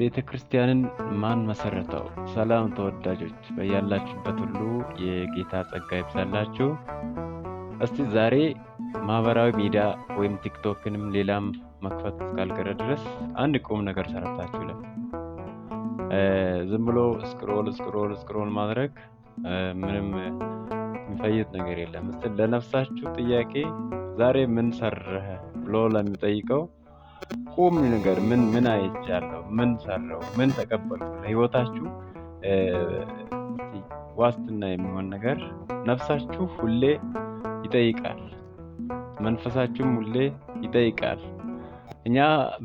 ቤተ ክርስቲያንን ማን መሰረተው? ሰላም ተወዳጆች በያላችሁበት ሁሉ የጌታ ጸጋ ይብዛላችሁ። እስቲ ዛሬ ማህበራዊ ሚዲያ ወይም ቲክቶክንም ሌላም መክፈት እስካልቀረ ድረስ አንድ ቁም ነገር ሰረታችሁ ለም ዝም ብሎ ስክሮል ስክሮል ስክሮል ማድረግ ምንም የሚፈይድ ነገር የለም። እስቲ ለነፍሳችሁ ጥያቄ ዛሬ ምን ሰራህ ብሎ ለሚጠይቀው ቁም ነገር ምን ምን አይቻለሁ፣ ምን ሰራው፣ ምን ተቀበልኩ፣ ለህይወታችሁ ዋስትና የሚሆን ነገር ነፍሳችሁ ሁሌ ይጠይቃል፣ መንፈሳችሁም ሁሌ ይጠይቃል። እኛ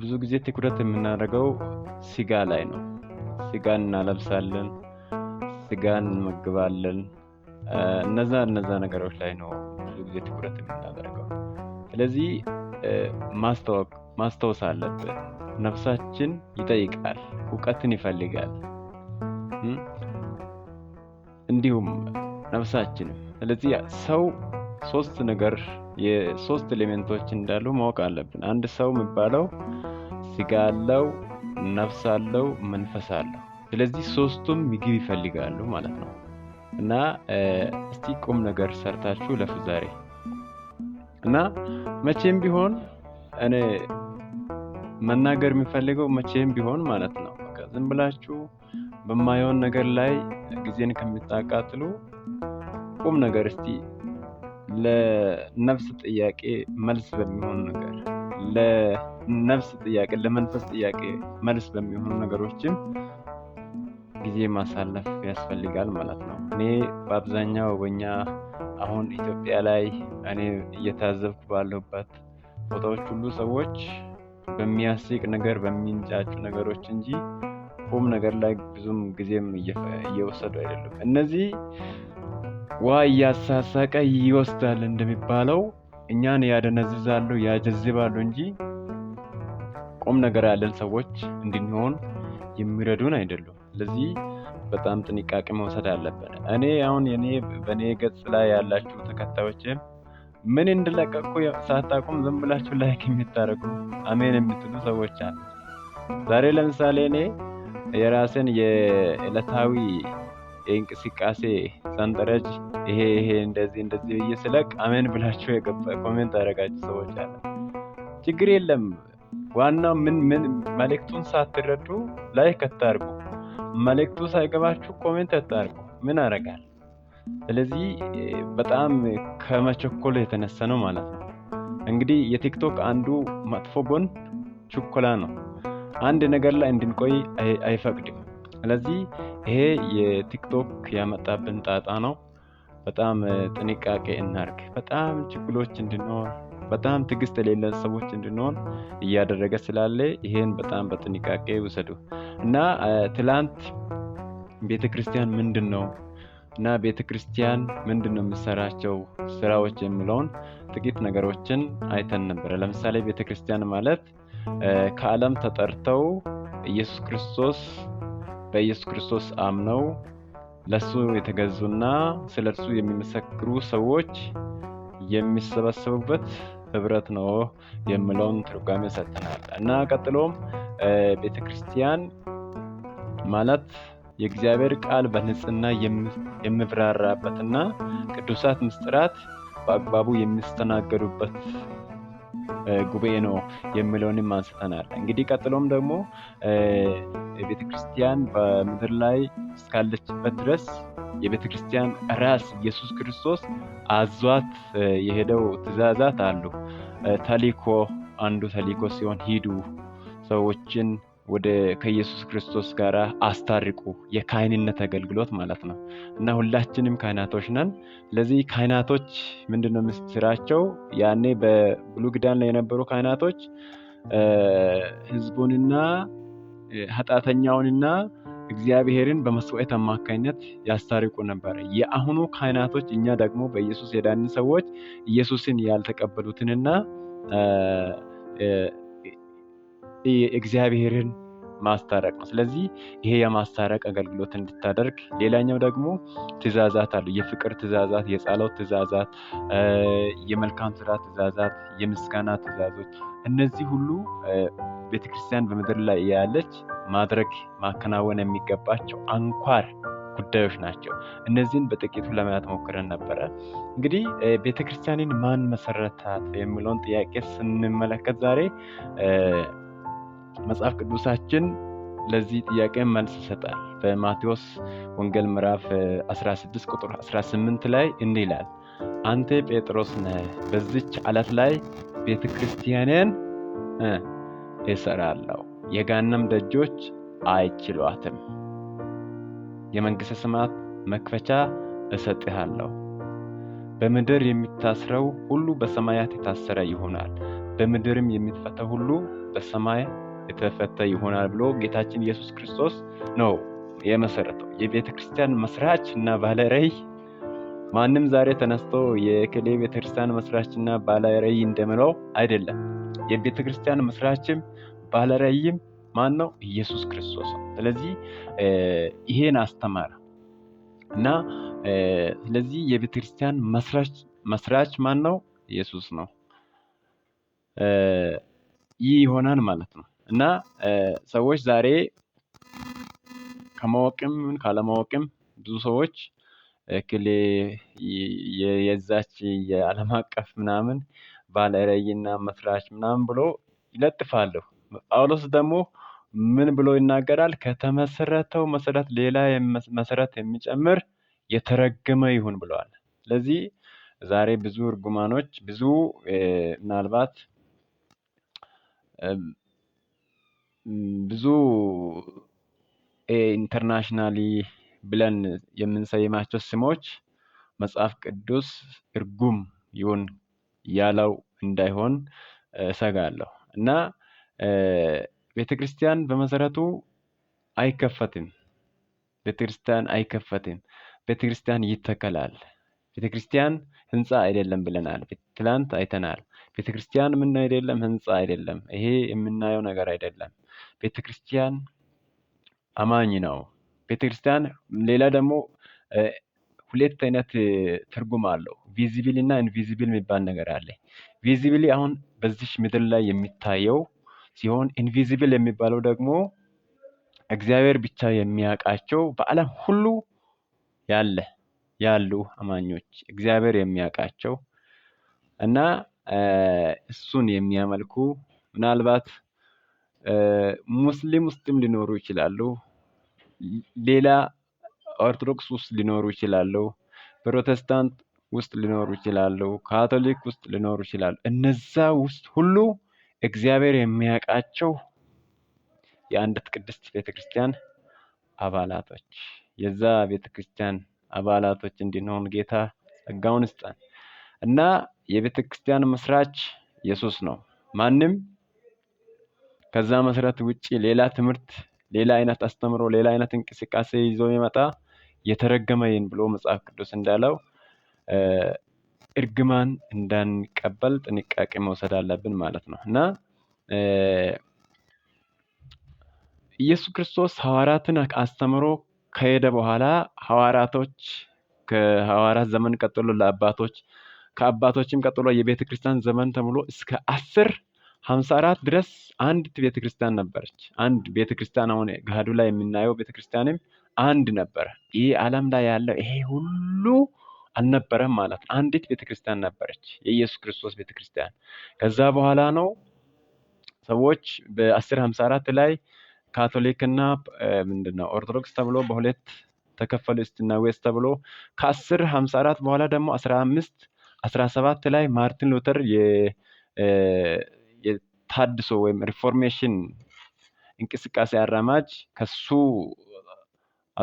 ብዙ ጊዜ ትኩረት የምናደርገው ስጋ ላይ ነው። ስጋን እናለብሳለን፣ ስጋን እንመግባለን። እነዛ እነዛ ነገሮች ላይ ነው ብዙ ጊዜ ትኩረት የምናደርገው። ስለዚህ ማስታወቅ ማስታወስ አለብን። ነፍሳችን ይጠይቃል፣ እውቀትን ይፈልጋል። እንዲሁም ነፍሳችን ስለዚህ ሰው ሶስት ነገር የሶስት ኤሌሜንቶች እንዳሉ ማወቅ አለብን። አንድ ሰው የሚባለው ስጋ አለው፣ ነፍስ አለው፣ መንፈስ አለው። ስለዚህ ሶስቱም ምግብ ይፈልጋሉ ማለት ነው። እና እስቲ ቁም ነገር ሰርታችሁ ለፉ ዛሬ እና መቼም ቢሆን እኔ መናገር የሚፈልገው መቼም ቢሆን ማለት ነው። ዝም ብላችሁ በማይሆን ነገር ላይ ጊዜን ከሚታቃጥሉ ቁም ነገር እስቲ ለነፍስ ጥያቄ መልስ በሚሆኑ ነገር ለነፍስ ጥያቄ ለመንፈስ ጥያቄ መልስ በሚሆኑ ነገሮችም ጊዜ ማሳለፍ ያስፈልጋል ማለት ነው። እኔ በአብዛኛው በኛ አሁን ኢትዮጵያ ላይ እኔ እየታዘብኩ ባለሁበት ቦታዎች ሁሉ ሰዎች በሚያስቅ ነገር በሚንጫጩ ነገሮች እንጂ ቁም ነገር ላይ ብዙም ጊዜም እየወሰዱ አይደሉም። እነዚህ ውሃ እያሳሳቀ ይወስዳል እንደሚባለው እኛን ያደነዝዛሉ፣ ያጀዝባሉ እንጂ ቁም ነገር ያለን ሰዎች እንድንሆን የሚረዱን አይደሉም። ስለዚህ በጣም ጥንቃቄ መውሰድ አለብን። እኔ አሁን በእኔ ገጽ ላይ ያላችሁ ተከታዮችም ምን እንድለቀቅኩ ሳታቁም ዝም ብላችሁ ላይክ የምታደርጉ አሜን የምትሉ ሰዎች አሉ። ዛሬ ለምሳሌ እኔ የራሴን የዕለታዊ የእንቅስቃሴ ሰንጠረዥ ይሄ ይሄ እንደዚህ እንደዚህ ብዬ ስለቅ አሜን ብላችሁ ኮሜንት ያደረጋችሁ ሰዎች አለ። ችግር የለም። ዋናው ምን ምን መልእክቱን ሳትረዱ ላይክ አታርጉ። መልእክቱ ሳይገባችሁ ኮሜንት አታርጉ። ምን አረጋል ስለዚህ በጣም ከመቸኮል የተነሳ ነው ማለት ነው። እንግዲህ የቲክቶክ አንዱ መጥፎ ጎን ችኮላ ነው። አንድ ነገር ላይ እንድንቆይ አይፈቅድም። ስለዚህ ይሄ የቲክቶክ ያመጣብን ጣጣ ነው። በጣም ጥንቃቄ እናርግ። በጣም ችግሎች እንድንሆን በጣም ትግስት የሌለ ሰዎች እንድንሆን እያደረገ ስላለ ይሄን በጣም በጥንቃቄ ውሰዱ እና ትላንት ቤተክርስቲያን ምንድን ነው እና ቤተ ክርስቲያን ምንድን ነው የምሰራቸው ስራዎች የሚለውን ጥቂት ነገሮችን አይተን ነበረ። ለምሳሌ ቤተ ክርስቲያን ማለት ከዓለም ተጠርተው ኢየሱስ ክርስቶስ በኢየሱስ ክርስቶስ አምነው ለሱ የተገዙና ስለ እርሱ የሚመሰክሩ ሰዎች የሚሰበሰቡበት ህብረት ነው የሚለውን ትርጓሜ ሰጥተናል እና ቀጥሎም ቤተ ክርስቲያን ማለት የእግዚአብሔር ቃል በንጽህና የምብራራበትና ቅዱሳት ምስጢራት በአግባቡ የሚስተናገዱበት ጉባኤ ነው የሚለውንም አንስተናል። እንግዲህ ቀጥሎም ደግሞ ቤተ ክርስቲያን በምድር ላይ እስካለችበት ድረስ የቤተ ክርስቲያን ራስ ኢየሱስ ክርስቶስ አዟት የሄደው ትእዛዛት አሉ። ተሊኮ አንዱ ተሊኮ ሲሆን ሂዱ ሰዎችን ወደ ከኢየሱስ ክርስቶስ ጋር አስታርቁ የካህንነት አገልግሎት ማለት ነው። እና ሁላችንም ካህናቶች ነን። ለዚህ ካህናቶች ምንድነው ምስራቸው? ያኔ በብሉይ ላይ የነበሩ ካህናቶች ህዝቡንና ኃጣተኛውንና እግዚአብሔርን በመስዋዕት አማካኝነት ያስታርቁ ነበር። የአሁኑ ካህናቶች እኛ ደግሞ በኢየሱስ የዳን ሰዎች ኢየሱስን ያልተቀበሉትንና እግዚአብሔርን ማስታረቅ ነው። ስለዚህ ይሄ የማስታረቅ አገልግሎት እንድታደርግ። ሌላኛው ደግሞ ትእዛዛት አሉ። የፍቅር ትእዛዛት፣ የጸሎት ትእዛዛት፣ የመልካም ስራ ትእዛዛት፣ የምስጋና ትእዛዞች እነዚህ ሁሉ ቤተክርስቲያን በምድር ላይ ያለች ማድረግ ማከናወን የሚገባቸው አንኳር ጉዳዮች ናቸው። እነዚህን በጥቂቱ ለማየት ሞክረን ነበረ። እንግዲህ ቤተክርስቲያንን ማን መሰረታት የሚለውን ጥያቄ ስንመለከት ዛሬ መጽሐፍ ቅዱሳችን ለዚህ ጥያቄ መልስ ይሰጣል። በማቴዎስ ወንጌል ምዕራፍ 16 ቁጥር 18 ላይ እንዲህ ይላል፣ አንተ ጴጥሮስ ነ በዚች አለት ላይ ቤተ ክርስቲያንን እሰራለሁ፣ የጋንም ደጆች አይችሏትም። የመንግሥተ ስማት መክፈቻ እሰጥሃለሁ። በምድር የሚታስረው ሁሉ በሰማያት የታሰረ ይሆናል፣ በምድርም የሚፈተው ሁሉ በሰማይ የተፈተ ይሆናል ብሎ ጌታችን ኢየሱስ ክርስቶስ ነው የመሰረተው። የቤተ ክርስቲያን መስራች እና ባለረይ ማንም ዛሬ ተነስቶ የክሌ ቤተ ክርስቲያን መስራች እና ባለረይ እንደምለው አይደለም። የቤተ ክርስቲያን መስራችም ባለረይም ማን ነው? ኢየሱስ ክርስቶስ ነው። ስለዚህ ይሄን አስተማረ እና ስለዚህ የቤተ ክርስቲያን መስራች ማን ነው? ኢየሱስ ነው። ይህ ይሆናል ማለት ነው። እና ሰዎች ዛሬ ከማወቅም ካለማወቅም ብዙ ሰዎች እክሌ የዛች የዓለም አቀፍ ምናምን ባለ መስራች ምናምን ብሎ ይለጥፋሉ። ጳውሎስ ደግሞ ምን ብሎ ይናገራል? ከተመሰረተው መሰረት ሌላ መሰረት የሚጨምር የተረገመ ይሁን ብለዋል። ስለዚህ ዛሬ ብዙ እርጉማኖች ብዙ ምናልባት ብዙ ኢንተርናሽናሊ ብለን የምንሰይማቸው ስሞች መጽሐፍ ቅዱስ እርጉም ይሁን ያለው እንዳይሆን እሰጋለሁ እና ቤተ ክርስቲያን በመሰረቱ አይከፈትም። ቤተ ክርስቲያን አይከፈትም። ቤተ ክርስቲያን ይተከላል። ቤተክርስቲያን ህንፃ አይደለም ብለናል። ትላንት አይተናል። ቤተክርስቲያን ምን አይደለም ህንፃ አይደለም። ይሄ የምናየው ነገር አይደለም። ቤተክርስቲያን አማኝ ነው። ቤተክርስቲያን ሌላ ደግሞ ሁለት አይነት ትርጉም አለው። ቪዚብል እና ኢንቪዚብል የሚባል ነገር አለ። ቪዚብል አሁን በዚህ ምድር ላይ የሚታየው ሲሆን ኢንቪዚብል የሚባለው ደግሞ እግዚአብሔር ብቻ የሚያውቃቸው በዓለም ሁሉ ያለ ያሉ አማኞች እግዚአብሔር የሚያውቃቸው እና እሱን የሚያመልኩ ምናልባት ሙስሊም ውስጥም ሊኖሩ ይችላሉ። ሌላ ኦርቶዶክስ ውስጥ ሊኖሩ ይችላሉ። ፕሮቴስታንት ውስጥ ሊኖሩ ይችላሉ። ካቶሊክ ውስጥ ሊኖሩ ይችላሉ። እነዛ ውስጥ ሁሉ እግዚአብሔር የሚያውቃቸው የአንዲት ቅድስት ቤተክርስቲያን አባላቶች የዛ ቤተክርስቲያን አባላቶች እንድንሆን ጌታ ጸጋውን ይስጠን እና የቤተ ክርስቲያን መስራች ኢየሱስ ነው። ማንም ከዛ መሰረት ውጪ ሌላ ትምህርት፣ ሌላ አይነት አስተምሮ፣ ሌላ አይነት እንቅስቃሴ ይዞ የሚመጣ የተረገመ ይህን ብሎ መጽሐፍ ቅዱስ እንዳለው እርግማን እንዳንቀበል ጥንቃቄ መውሰድ አለብን ማለት ነው እና ኢየሱስ ክርስቶስ ሐዋርያትን አስተምሮ ከሄደ በኋላ ሐዋርያቶች ከሐዋርያት ዘመን ቀጥሎ ለአባቶች ከአባቶችም ቀጥሎ የቤተ ክርስቲያን ዘመን ተብሎ እስከ አስር ሀምሳ አራት ድረስ አንዲት ቤተ ክርስቲያን ነበረች። አንድ ቤተ ክርስቲያን አሁን ገሃዱ ላይ የምናየው ቤተ ክርስቲያንም አንድ ነበረ። ይህ ዓለም ላይ ያለው ይሄ ሁሉ አልነበረም ማለት ነው። አንዲት ቤተ ክርስቲያን ነበረች፣ የኢየሱስ ክርስቶስ ቤተ ክርስቲያን። ከዛ በኋላ ነው ሰዎች በአስር ሀምሳ አራት ላይ ካቶሊክ እና ምንድነው ኦርቶዶክስ ተብሎ በሁለት ተከፈሉ፣ ኢስትና ዌስት ተብሎ ከአስር ሀምሳ አራት በኋላ ደግሞ አስራ አምስት አስራ ሰባት ላይ ማርቲን ሉተር የታድሶ ወይም ሪፎርሜሽን እንቅስቃሴ አራማጅ ከሱ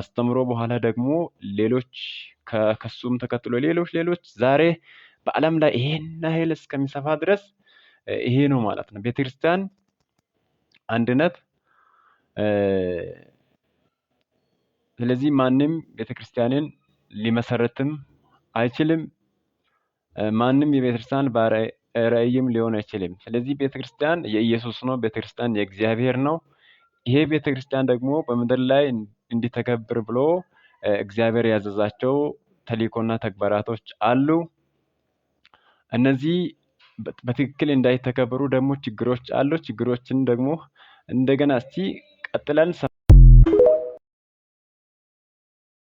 አስተምሮ በኋላ ደግሞ ሌሎች ከሱም ተከትሎ ሌሎች ሌሎች ዛሬ በዓለም ላይ ይሄን ያህል እስከሚሰፋ ድረስ ይሄ ነው ማለት ነው ቤተክርስቲያን አንድነት ስለዚህ ማንም ቤተክርስቲያንን ሊመሰርትም አይችልም። ማንም የቤተክርስቲያን ራእይም ሊሆን አይችልም። ስለዚህ ቤተክርስቲያን የኢየሱስ ነው። ቤተክርስቲያን የእግዚአብሔር ነው። ይሄ ቤተክርስቲያን ደግሞ በምድር ላይ እንዲተከብር ብሎ እግዚአብሔር ያዘዛቸው ተልእኮና ተግባራቶች አሉ። እነዚህ በትክክል እንዳይተከበሩ ደግሞ ችግሮች አሉ። ችግሮችን ደግሞ እንደገና እስቲ ቀጥለን